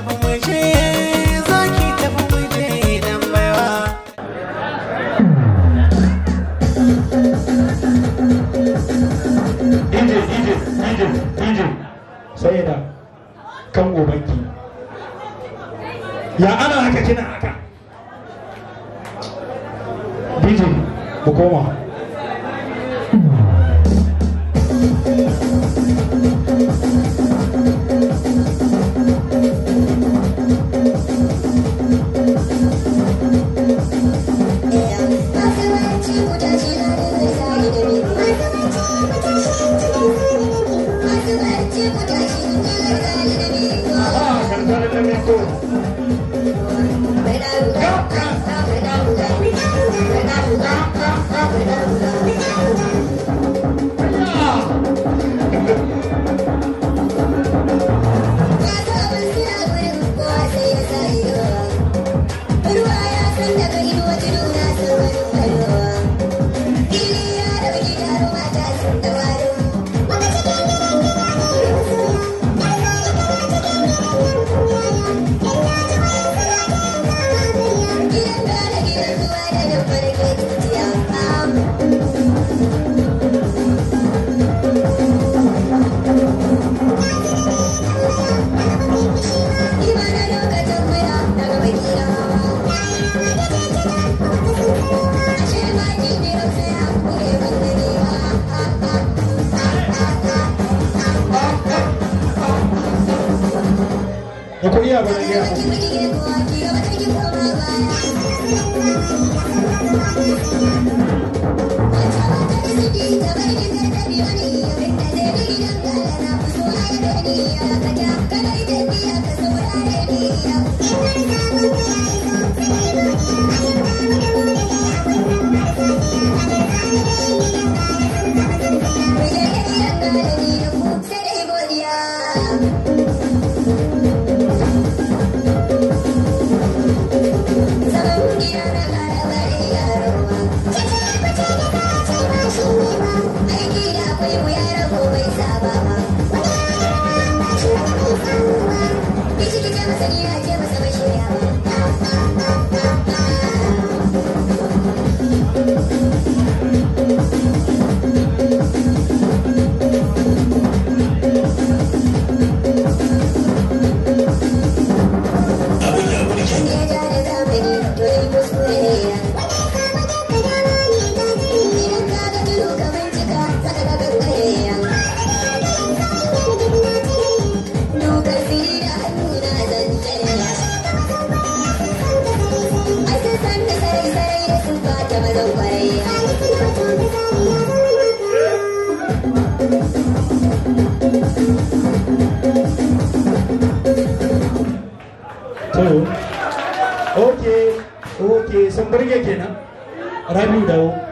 tafi mu je za ki tafi mu je dan baiwa Ijin, sai da kan gobanki. Ya ana haka kina haka. DJ, mu koma. 最高。Hapo yeye anaongea hapo. Thank you. dawo oke oke sun burge kenan rabiu dawo